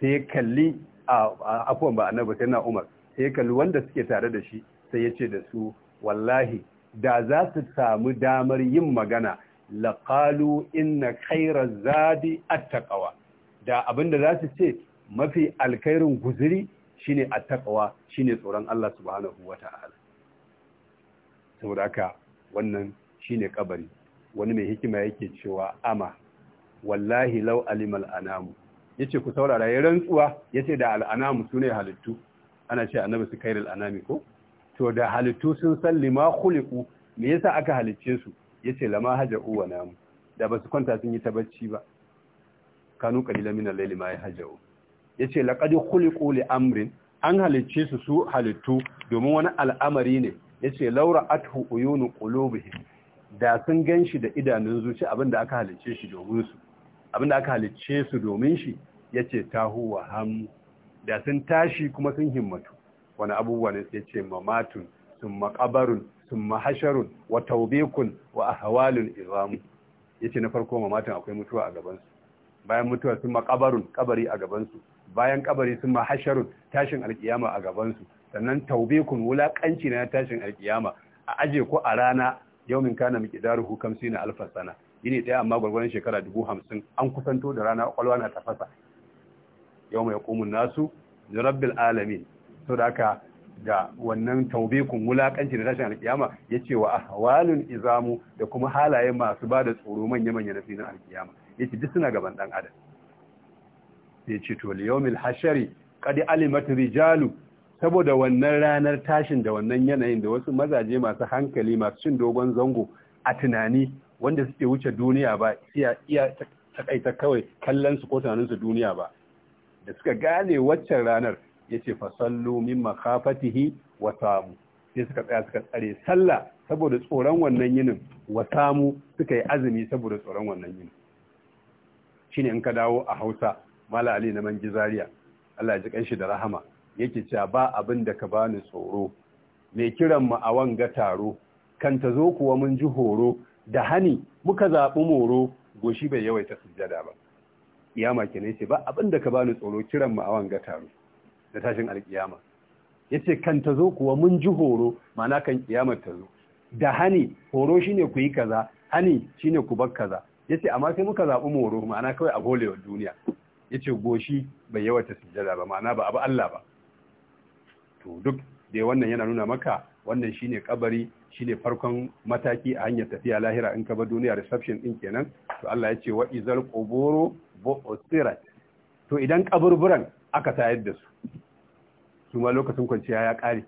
sai ya kalli akwai ba annabi sai na umar sai ya kalli wanda suke tare da shi sai ya ce da su wallahi da za su samu damar yin magana laqalu inna khayra zadi attaƙawa. da abinda za su ce mafi alkhairin guzuri shine attaqwa shine tsoron Allah subhanahu wata'ala saboda ka wannan shine kabari wani mai hikima yake cewa ama wallahi law alimal anamu yace ku saurara ya rantsuwa yace da al'anamu sune halittu ana ce annabi su kairil anami ko to da halittu sun san lima khuliqu me yasa aka halicce su yace lama haja uwa namu da basu kwanta sun yi ta bacci ba kanu qalila min al-layli ma yace laqad khuliqu li amrin an halicce su su halittu domin wani al'amari ne yace laura athu uyunu qulubihi da sun ganshi da idanun zuci abinda aka halicce shi domin su abinda aka halicce su domin shi yace tahuwa ham da sun tashi kuma sun himmatu wani abubuwa ne sai ce mamatun sun makabarun thumma hasharun wa tawbiqun wa ahwalul izam yace na farko matan akwai mutuwa a gaban su bayan mutuwa sun makabarun kabari a gabansu bayan kabari sun mahasharun tashin alkiyama a gabansu sannan taubekun wulakanci na tashin alqiyama a aje ko a rana yaumin kana miqdaruhu kamsina alfa sana yini daya amma gurgurun shekara dubu hamsin an kusanto da rana kwalwa na tafasa yawma yaqumun nasu li rabbil alamin to da haka Da wannan taubekun wulakanci da tashin alkiyama ya ce wa ahwalin izamu da kuma halaye masu ba da tsoro manya-manya na filin alkiyama ya ce duk suna gaban ɗan adam ya ce to liyomil hashari kadi alimat rijalu saboda wannan ranar tashin da wannan yanayin da wasu mazaje masu hankali masu cin dogon zango a tunani wanda suke wuce duniya ba iya iya takaita kawai kallon su ko tunanin su duniya ba da suka gane waccan ranar yace fa sallu min makafatihi wa samu sai suka tsaya suka tsare sallah saboda tsoron wannan yinin wa samu suka yi azumi saboda tsoron wannan yinin shine in ka dawo a Hausa Mala Ali na Manji Zaria Allah ya ji kanshi da rahama yake cewa ba abin da ka bani tsoro mai kiran mu a wanga taro kan ta zo kuwa mun ji horo da hani muka zaɓi moro goshi bai yawaita sujjada ba iyama kenan ce ba abin da ka bani tsoro kiran mu a wanga taro da tashin alkiyama yace kan ta zo kuwa mun ji horo ma'ana kan kiyamar ta zo da hani horo shine ku yi kaza hani shine ku bar kaza yace amma sai muka zaɓi moro ma'ana kawai a wa duniya yace goshi bai yawata sujjada ba ma'ana ba abu Allah ba to duk dai wannan yana nuna maka wannan shine kabari shine farkon mataki a hanyar tafiya lahira in ka bar duniya reception din kenan to Allah yace wa izal quburu bu'sirat to idan kaburburan aka tayar da su su ma lokacin kwanciya ya ƙare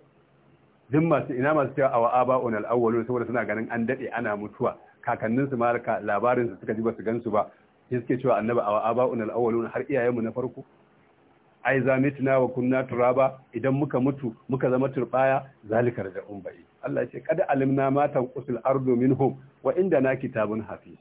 duk masu ina masu cewa awa aba on al'awwalu saboda suna ganin an daɗe ana mutuwa kakannin su ma labarin su suka ji basu gansu ba sai suke cewa annabi awa aba on al'awwalu har iyayenmu na farko ai tuna wa kunna turaba idan muka mutu muka zama turbaya zalika da umbai Allah ya ce kada alimna matan usul ardu minhum wa na kitabun hafiz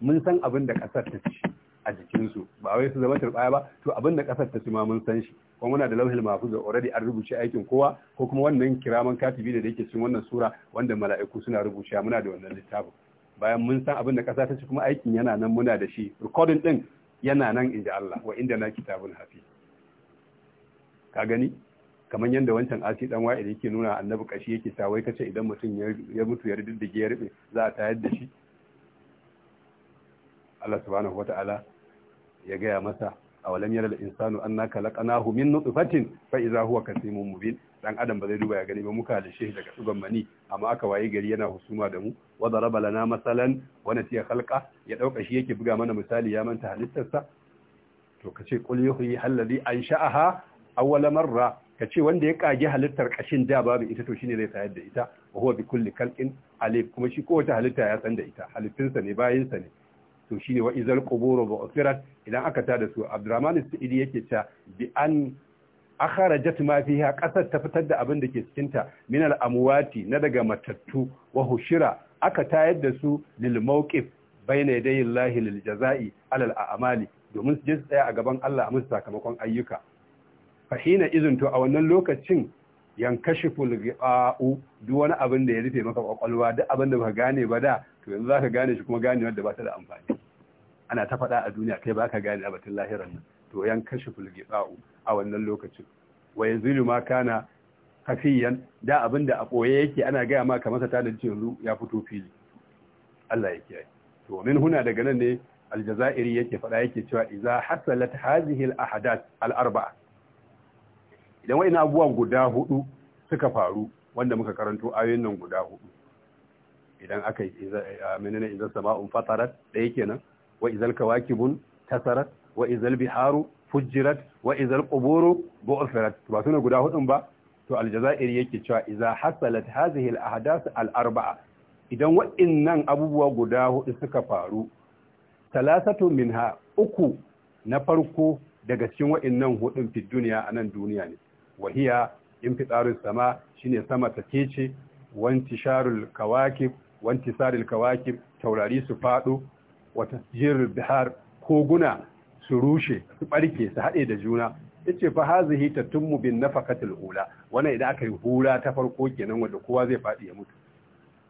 mun san abin da kasar ta ci a jikinsu ba wai su zama turbaya ba to abin da kasar ta ma mun san shi kuma muna da lauhil mahfuz da already an rubuce aikin kowa ko kuma wannan kiraman katibi da yake cikin wannan sura wanda mala'iku suna rubuce muna da wannan littafin bayan mun san abin da kasa ta ci kuma aikin yana nan muna da shi recording din yana nan inda Allah wa inda na kitabun hafi ka gani kamar yadda wancan asi dan wa'id yake nuna annabi kashi yake ta wai kace idan mutum ya mutu ya riddige ya rube za a tayar da shi Allah subhanahu wataala ya gaya masa a walam yara da insanu an naka laƙanahu min nutfatin fa iza huwa kasimun mubin dan adam ba zai duba ya gani ba muka da shehi daga tsugan mani amma aka waye gari yana husuma da mu wa daraba lana masalan wa siya khalqa ya dauka shi yake buga mana misali ya manta halittarsa to kace qul yuhyi alladhi ansha'aha awwala marra ka ce wanda ya kage halittar kashin da babu ita to shine zai sayar da ita wa huwa bi kulli khalqin alif kuma shi kowace halitta ya san da ita halittunsa ne bayinsa ne to shine waizar izal quburu bu'thirat idan aka ta da su Abdurrahman Sa'idi yake ta bi an akharajat ma fiha qasat ta fitar da abin da ke cikin ta Amuwati amwati na daga matattu wa hushira aka tayar da su lil mawqif bayna yaday Allah lil jazai alal a'mali domin su je su tsaya a gaban Allah a musu sakamakon ayyuka fa hina izin to a wannan lokacin yankashiful ghi'a'u duk wani abin da ya rufe maka kwakwalwa duk abin da baka gane ba da to yanzu za ka gane shi kuma gane da ba ta da amfani ana ta faɗa a duniya kai ba ka gane a batun lahiran nan to yankashiful ghi'a'u a wannan lokacin wa yazilu ma kana kafiyan da abin da a ɓoye yake ana gaya ma kamar sa ce yanzu ya fito fili Allah ya kiyaye to min huna daga nan ne aljazairi yake faɗa yake cewa idza hasalat hadhihi al-ahadath al-arba'a idan wa'ina abubuwan guda hudu suka faru wanda muka karanto ayoyin nan guda hudu idan aka yi menene idan sama'un fatarat ɗaya kenan wa izal kawakibun tasarat wa izal biharu Fujirat, wa izal quburu bu'thirat ba suna guda hudun ba to aljazairi yake cewa idza hasalat hadhihi al ahdath al arba'a idan wa'innan abubuwa guda hudu suka faru talasatu minha uku na farko daga cikin wa'innan hudun fi duniya anan duniya ne wahiya in fitsarin sama shine sama ta kece wanti sharul kawakib wanti sarul kawakib taurari su fado wata jirul bihar koguna su rushe su barke su haɗe da juna yace fa hazihi tatummu bin nafaqatil ula wannan idan aka yi hura ta farko kenan wanda kowa zai faɗi ya mutu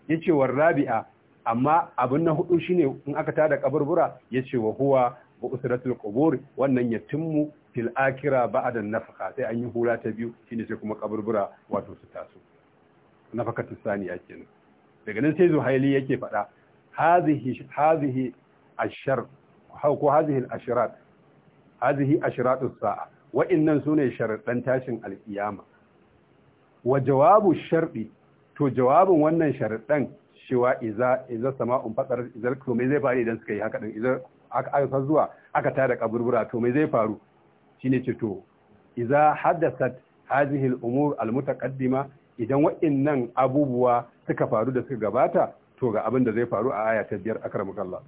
yace war rabi'a amma abin na hudu shine in aka tada kaburbura yace wa huwa wa usratul qubur wannan ya timmu fil akira ba'da nafaka sai an yi hura ta biyu shine sai kuma kaburbura wato su taso nafakatu saniya kenan daga nan sai zuhaili yake faɗa hazihi hazihi ashar ko hazihi al-ashrat hazihi ashratus sa'a wa'annan sune sharadan tashin alkiyama wa jawabu sharɗi to jawabin wannan sharaɗan cewa iza iza sama'un fadar izar to zai faru idan suka yi haka din aka zuwa aka tada kaburbura to mai zai faru shine ce to iza haddasat hadhihi al-umur al-mutaqaddima idan nan abubuwa suka faru da suka gabata to ga abin da zai faru a aya ta biyar akar Allah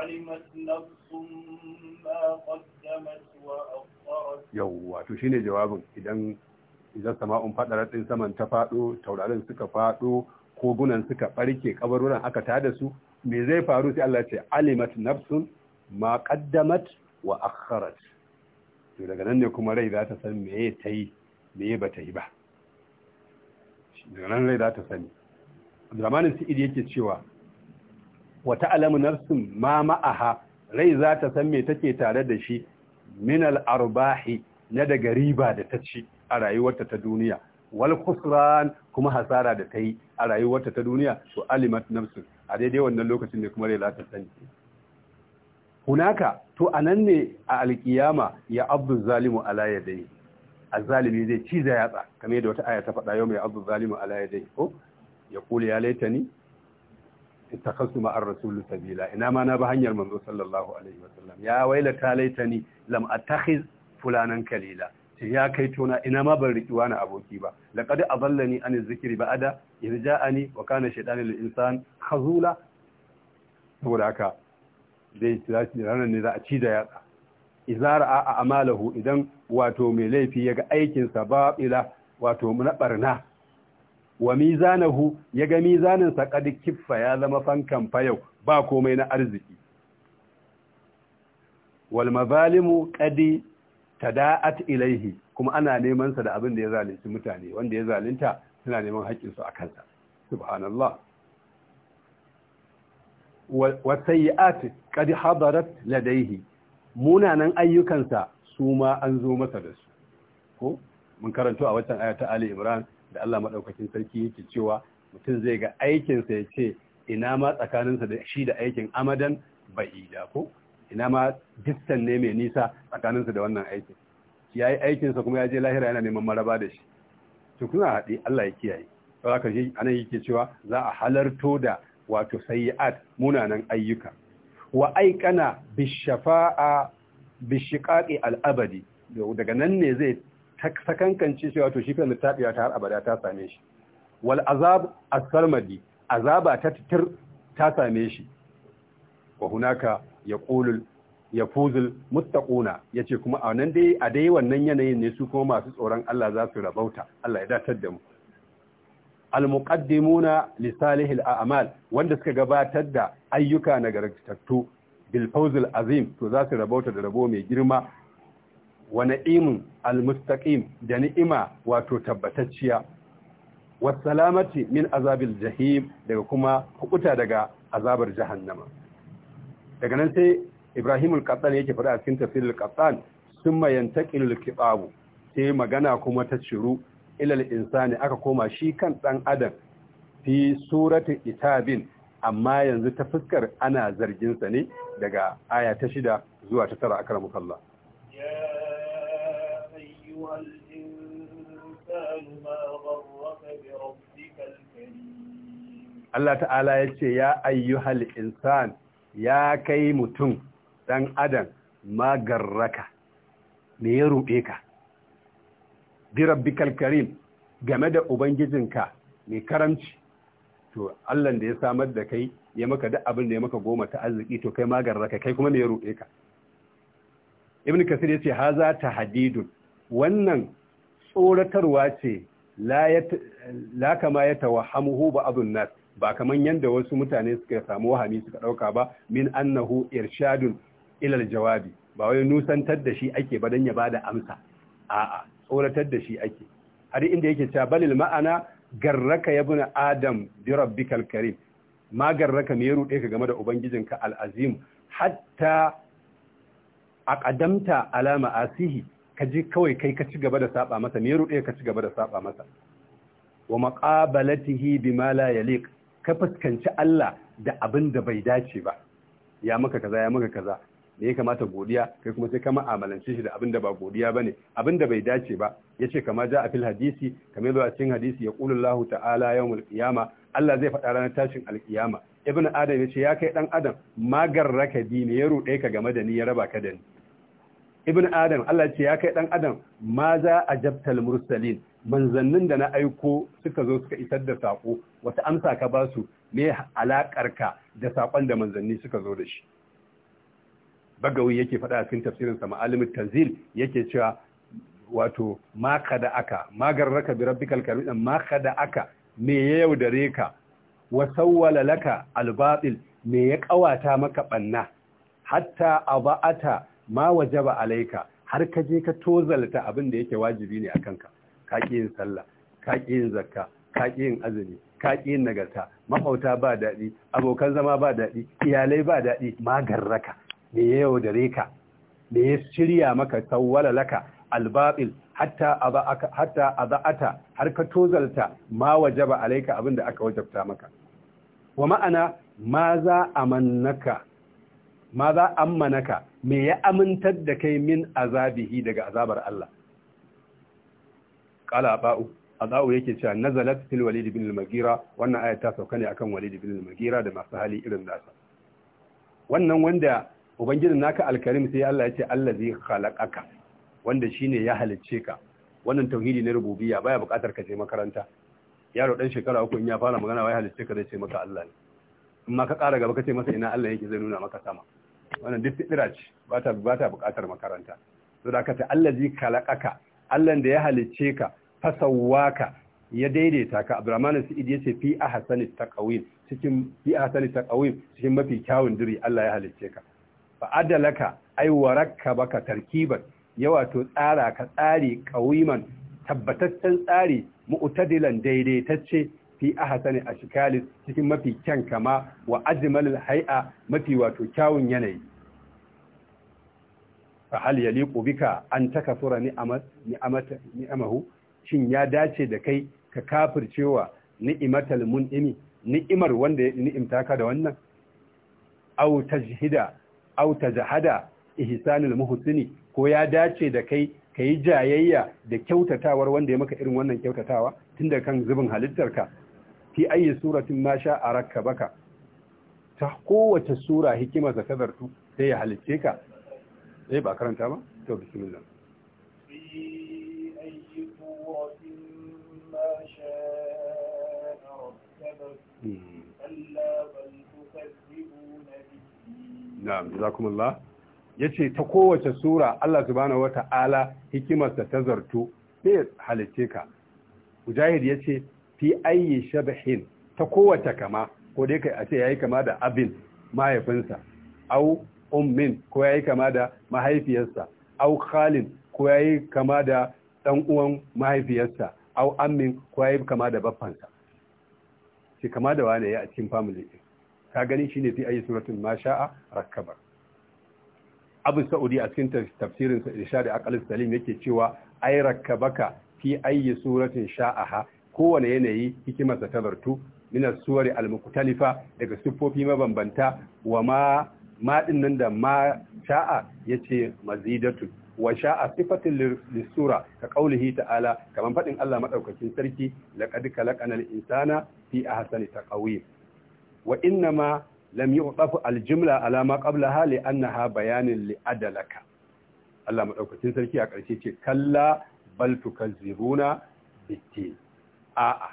alimat nafsum ma qaddamat wa yawwa to shine jawabin idan idan sama'un fadarar din saman ta fado taurarin suka fado kogunan suka barke kabaruran aka tada su me zai faru sai Allah ce alimat nafsun. ma kaddamat wa akharat to daga nan ne kuma rai za ta san meye ta yi meye ba ta yi ba daga nan rai za ta sani zamanin sa'id yake cewa wata alamu nafsin ma ma'aha rai za ta san me take tare da shi min al-arbahi na daga riba da ta ci a rayuwarta ta duniya wal khusran kuma hasara da ta yi a rayuwarta ta duniya to alimat nafsin a daidai wannan lokacin ne kuma rai za ta sani hunaka to anan ne a alkiyama ya abdu zalimu ala yadayhi azzalimi zai da yatsa kamar yadda wata aya ta faɗa yau mai Abdul zalimu ala yadayhi ko ya kula ya laitani ittakhasu ma'ar rasul sabila ina ma na ba hanyar manzo sallallahu alaihi wasallam ya wailata laitani lam attakhiz fulanan kalila ya kai tona ina ma ban riki wani aboki ba laqad adallani an zikri ba'ada irja'ani wa kana shaytanu lil insan khazula saboda haka zai tilasi ranar ne za a ci da yatsa izara a amalahu idan wato mai laifi ya ga aikinsa ba ila wato na barna wa mizanahu ya ga mizaninsa kadi kiffa ya zama fankan fayau ba komai na arziki wal mazalimu kadi tada'at ilaihi kuma ana neman sa da abin da ya zalunci mutane wanda ya zalunta suna neman haƙƙinsu a kansa subhanallah wa sayyi'ati qad hadarat ladaihi munanan ayyukansa su ma an zo masa da su ko mun karanto a wannan aya ta Ali Imran da Allah madaukakin sarki yake cewa mutum zai ga aikinsa ya ce ina ma tsakaninsa da shi da aikin amadan ba'ida ko ina ma distan ne mai nisa tsakaninsa da wannan aikin ya yi aikinsa kuma ya je lahira yana neman maraba da shi to kuna haɗi? Allah ya kiyaye haka shi anan yake cewa za a halarto da wato sayyi'at munanan ayyuka wa aikana bishafa'a bishiqaqi al'abadi? daga nan ne zai sakankance cewa Wato shi kan littafiya ta har abada ta same shi wal azab as-sarmadi azaba ta titir ta same shi wa hunaka yaqulu yafuzul muttaquna yace kuma a nan dai a dai wannan yanayin ne su kuma masu tsoron Allah za su rabauta Allah ya datar da mu al-muqaddimuna li salihil a'mal wanda suka gabatar da ayyuka nagartattu bil fawzil azim to za su rabauta da rabo mai girma wa na'imun al da ni'ima wato tabbatacciya wa salamati min azabil jahim daga kuma hukuta daga azabar jahannama daga nan sai Ibrahim al-Qattan yake fara cikin tafsir al-Qattan summa yantaqil al sai magana kuma ta ciru ilal insani aka koma shi kan ɗan adam fi suratin itabin amma yanzu ta fuskar ana zarginsa ne daga aya ta shida zuwa ta tara akramukallah Allah ta'ala ya ce ya ayyuhal insan ya kai mutum ɗan adam magarraka me ya rube ka bi rabbikal karim game da ubangijinka mai karamci to Allah da ya samar da kai ya maka duk abin da ya maka goma ta arziki to kai magar ka kai kuma me ya ka ibn kasir yace haza ta tahdidun wannan tsoratarwa ce la kama ya tawahamuhu ba abun nas ba kaman yanda wasu mutane suka samu wahami suka ɗauka ba min annahu irshadun ilal jawabi ba wai nusantar da shi ake ba dan ya bada amsa a'a tsoratar da shi ake har inda yake cewa balil ma'ana garraka ya buna adam bi rabbikal karim ma garraka me ya ka game da ubangijinka al'azim hatta aqadamta ala ma'asihi ka ji kawai kai ka ci gaba da saba masa me ya ka ci gaba da saba masa wa maqabalatihi bima la yaliq ka fuskanci Allah da abin da bai dace ba ya maka kaza ya maka kaza da ya kamata godiya kai kuma sai ka ma'amalance shi da abin da ba godiya ba ne abin da bai dace ba ya ce kama ja a fil hadisi kamar zuwa cikin hadisi ya ƙulun lahu ta'ala yau mulkiyama Allah zai faɗa ranar tashin alƙiyama. ibn adam ya ce ya kai ɗan adam magarra ka dini ya ruɗe ka game da ni ya raba ka da ni ibn adam Allah ce ya kai ɗan adam ma za a jabtal mursalin manzannin da na aiko suka zo suka isar da saƙo wata amsa ka ba su me alaƙarka da saƙon da manzanni suka zo da shi bagawi yake faɗa a cikin tafsirin sa ma'alimin tanzil yake cewa wato ma kada aka raka bi rabbikal karim ma kada aka me ya yaudare ka wa sawwala laka albatil me ya kawata maka banna hatta aba'ata ma wajaba alaika har ka je ka tozalta abin da yake wajibi ne akan ka ka ki yin sallah ka ki yin zakka ka ki yin azumi ka ki yin nagarta mafauta ba daɗi abokan zama ba daɗi iyalai ba daɗi raka me ya yaudare ka me ya shirya maka tsawwala laka albabil hatta a za'ata har ka tozalta ma waje ba alaika da aka wajabta maka wa ma'ana ma za amannaka ma za ammanaka me ya amintar da kai min azabihi daga azabar Allah qala ba'u azau yake cewa nazalat fil walid bin al-magira wannan aya ta sauka ne akan walid bin al-magira da masu hali irin nasa wannan wanda ubangijin naka alkarim sai Allah ya ce allazi khalaqaka wanda shine ya halicce ka wannan tauhidi ne rububiyya baya buƙatar ka je makaranta yaro dan shekara uku in ya fara magana wai halicce ka zai ce maka Allah ne amma ka ƙara gaba ka ce masa ina Allah yake zai nuna maka sama wannan duk fitira ce ba ta ba ta buƙatar makaranta to da ka ta allazi khalaqaka Allah da ya halicce ka fasawwaka ya daidaita ka Abdurrahman Sa'id ya ce fi ahsani taqawim cikin fi ahsani taqawim cikin mafi kyawun diri Allah ya halicce ka fa adalaka ai warakka baka tarkiban ya wato tsara ka tsari kawiman tabbataccen tsari mu'tadilan daidaitacce fi ahsani ashkalis cikin mafi kyan kama wa ajmalil hay'a mafi wato kyawun yanayi fa hal yaliqu bika an takasura ni'amat ni'amahu shin ya dace da kai ka kafircewa ni'imatal ni'imar wanda ya ni'imta ka da wannan au tajhida ta jahada ihsanul muhsini ko ya dace da kai kai jayayya da kyautatawar wanda ya maka irin wannan kyautatawa tunda kan zubin halittarka fi ayi suratin ma sha arakkabaka ta kowace sura hikima ta zartu sai ya halicce ka sai eh, ba karanta ba to bismillah hmm. Allah na'am jazakumullah yace ta kowace sura Allah subhanahu wata'ala hikimarsa ta zarto sai halice ka mujahid yace fi ayyi shabhin ta kowace kama ko dai kai a ce yayi kama da abin mahaifinsa au ummin ko yayi kama da mahaifiyarsa au khalin ko yayi kama da dan uwan mahaifiyarsa au ammin ko yayi kama da baffansa shi kama da wane ya a cikin family din ka gani shi shine fi yi suratun masha'a rakabar. abu sa'udi a cikin tafsirin sa irshad aqal salim yake cewa ai rakkabaka fi ayi suratin sha'aha kowane yanayi hikimar sa tabartu min as-suwari al-muktalifa daga siffofi mabambanta wa ma ma nan da ma sha'a ce mazidatu wa sha'a sifatin lissura ka kaulihi ta'ala kaman faɗin Allah madaukakin sarki laqad khalaqana al-insana fi ta ƙauye. wa innama lam yuqaf aljumla ala ma qablaha li annaha bayanin li adalaka Allah madaukakin sarki a ƙarshe ce kalla bal tukazzibuna bitti a'a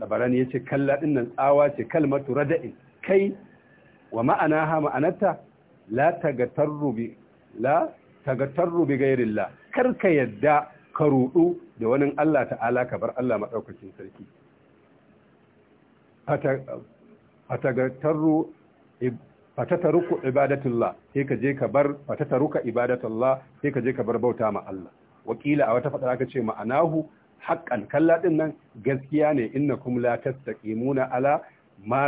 labaran yace kalla din nan tsawa ce kalmatu rada'in kai wa ma'anaha ma'anarta la tagatarru la kar ka yarda ka ruɗu da wani Allah ta'ala ka bar Allah madaukakin sarki fatagatarru fatataruku ibadatullah sai ka je ka bar fatataruka ibadatullah sai ka je ka bar bauta ma Allah wakila a wata fadar aka ce ma'anahu haqqan kalla din nan gaskiya ne innakum la tastaqimuna ala ma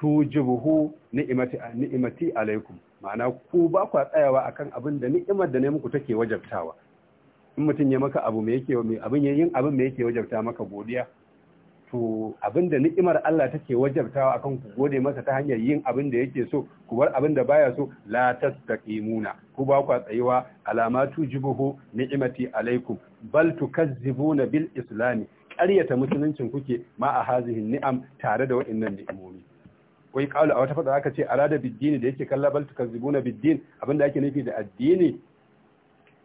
tujibuhu ni'imati ni'mati alaikum ma'ana ku ba ku tsayawa akan abin da ni'imar da ne muku take wajabtawa in mutun ya maka abu me yake abin yayin abin me yake wajabta maka godiya to abinda ni'imar Allah take wajabtawa akan ku gode masa ta hanyar yin abin da yake so ku bar abin da baya so la tastaqimuna ku ba ku tsayuwa alamatu jibuhu ni'imati alaikum bal tukazzibuna bil islami ƙaryata musuluncin kuke ma a hazihin ni'am tare da waɗannan ni'imomi wai kaula a wata fada aka ce arada biddini da yake kalla bal tukazzibuna biddin da yake nufi da addini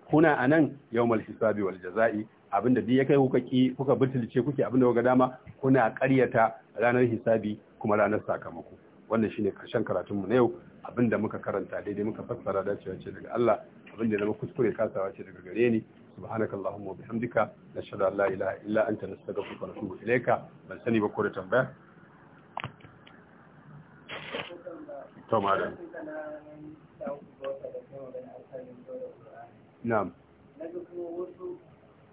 kuna anan yawmal hisabi wal jazai abinda duk ya kai kuka ki kuka butulce kuke abinda kuka dama kuna ƙaryata ranar hisabi kuma ranar sakamako wannan shine karshen karatunmu na yau abinda muka karanta daidai muka fassara dacewa ce daga Allah abinda na kuskure kasawa ce daga gare ni subhanakallahumma wa bihamdika nashhadu an la ilaha illa anta nastaghfiruka wa natubu ilayka ban sani ba ko da tambaya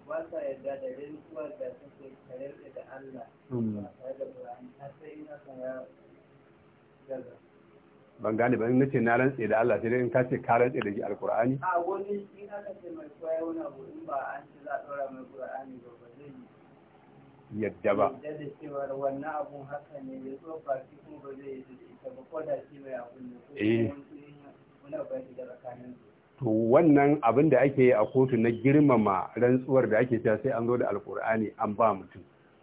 ba sa yarda da rinkuwar da suke karirka da Allah hmm. ba tare da Qur'ani har sai na sanya gaza ban gane ba in nace na rantse da Allah sai dai in ka ce ka rantse da shi alqur'ani a wani in aka ce mai koya wani abu in ba an ce za a dora mai qur'ani ba ba zai yadda ba yadda cewa wannan abun haka ne ya zo ba shi kuma ba zai yi da shi ba ko da shi mai abun eh. ne ko wani abu da tsakanin to wannan abin da ake yi a kotu na girmama rantsuwar da ake cewa sai an zo da alkur'ani an ba mutum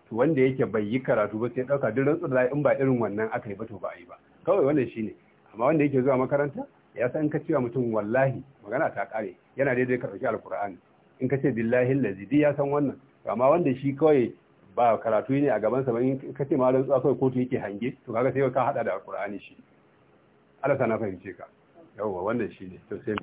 to wanda yake bai yi karatu ba sai dauka duk rantsuwar da in ba irin wannan aka yi ba to ba a yi ba kawai wannan shine amma wanda yake zuwa makaranta ya san ka cewa mutum wallahi magana ta kare yana daidai ka ɗauki alkur'ani in ka ce billahi lazi ya san wannan amma wanda shi kawai ba karatu ne a gaban sa ba in ka ce malam tsaka kawai kotu yake hange to kaga sai ka hada da alkur'ani shi Allah sana fahimce ka yawwa wannan shine to sai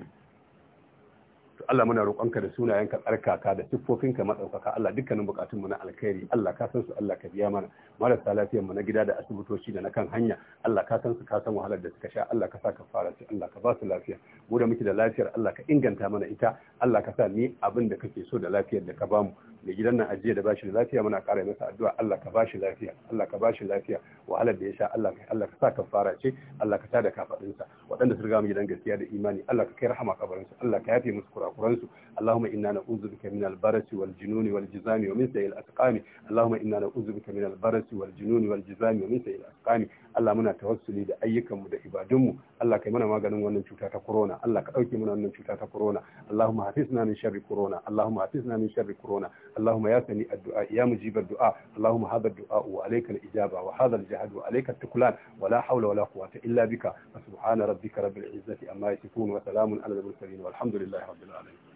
Allah muna roƙonka da sunayenka tsarkaka da siffofinka matsaukaka Allah dukkanin buƙatunmu na alkhairi Allah ka san su Allah ka biya mana marasa lafiyar mu na gida da asibitoci da na kan hanya Allah ka san su ka san wahalar da suka sha Allah ka sa ka fara su Allah ka ba su lafiya mu da muke da lafiyar Allah ka inganta mana ita Allah ka sa ni abin da kake so da lafiyar da ka bamu da gidan nan ajiya da bashi da lafiya muna ƙara masa addu'a Allah ka bashi lafiya Allah ka bashi lafiya wahalar da ya sha Allah Allah ka sa ka fara ce Allah ka tada kafadin sa waɗanda su riga mu gidan gaskiya da imani Allah ka kai rahama kabarin su Allah ka yafe musu kurakuran su Allahumma inna na'udhu bika min al-barasi wal jununi wal jizami wa min sayil asqami Allahumma inna na'udhu bika min al-barasi wal jununi wal jizami wa min asqami Allah muna tawassuli da ayyukanmu da ibadunmu Allah kai mana maganin wannan cuta ta corona Allah ka dauke mana wannan cuta ta corona Allahumma hafizna min sharri corona Allahumma hafizna min sharri corona Allahumma ya sani addu'a ya mujibar du'a Allahumma hadha dua wa alayka al-ijaba wa hadha al-jahd wa alayka at-tuklan wa la hawla wa la quwwata illa bika subhana rabbika rabbil izzati amma yasifun wa salamun ala al-mursalin والحمد لله رب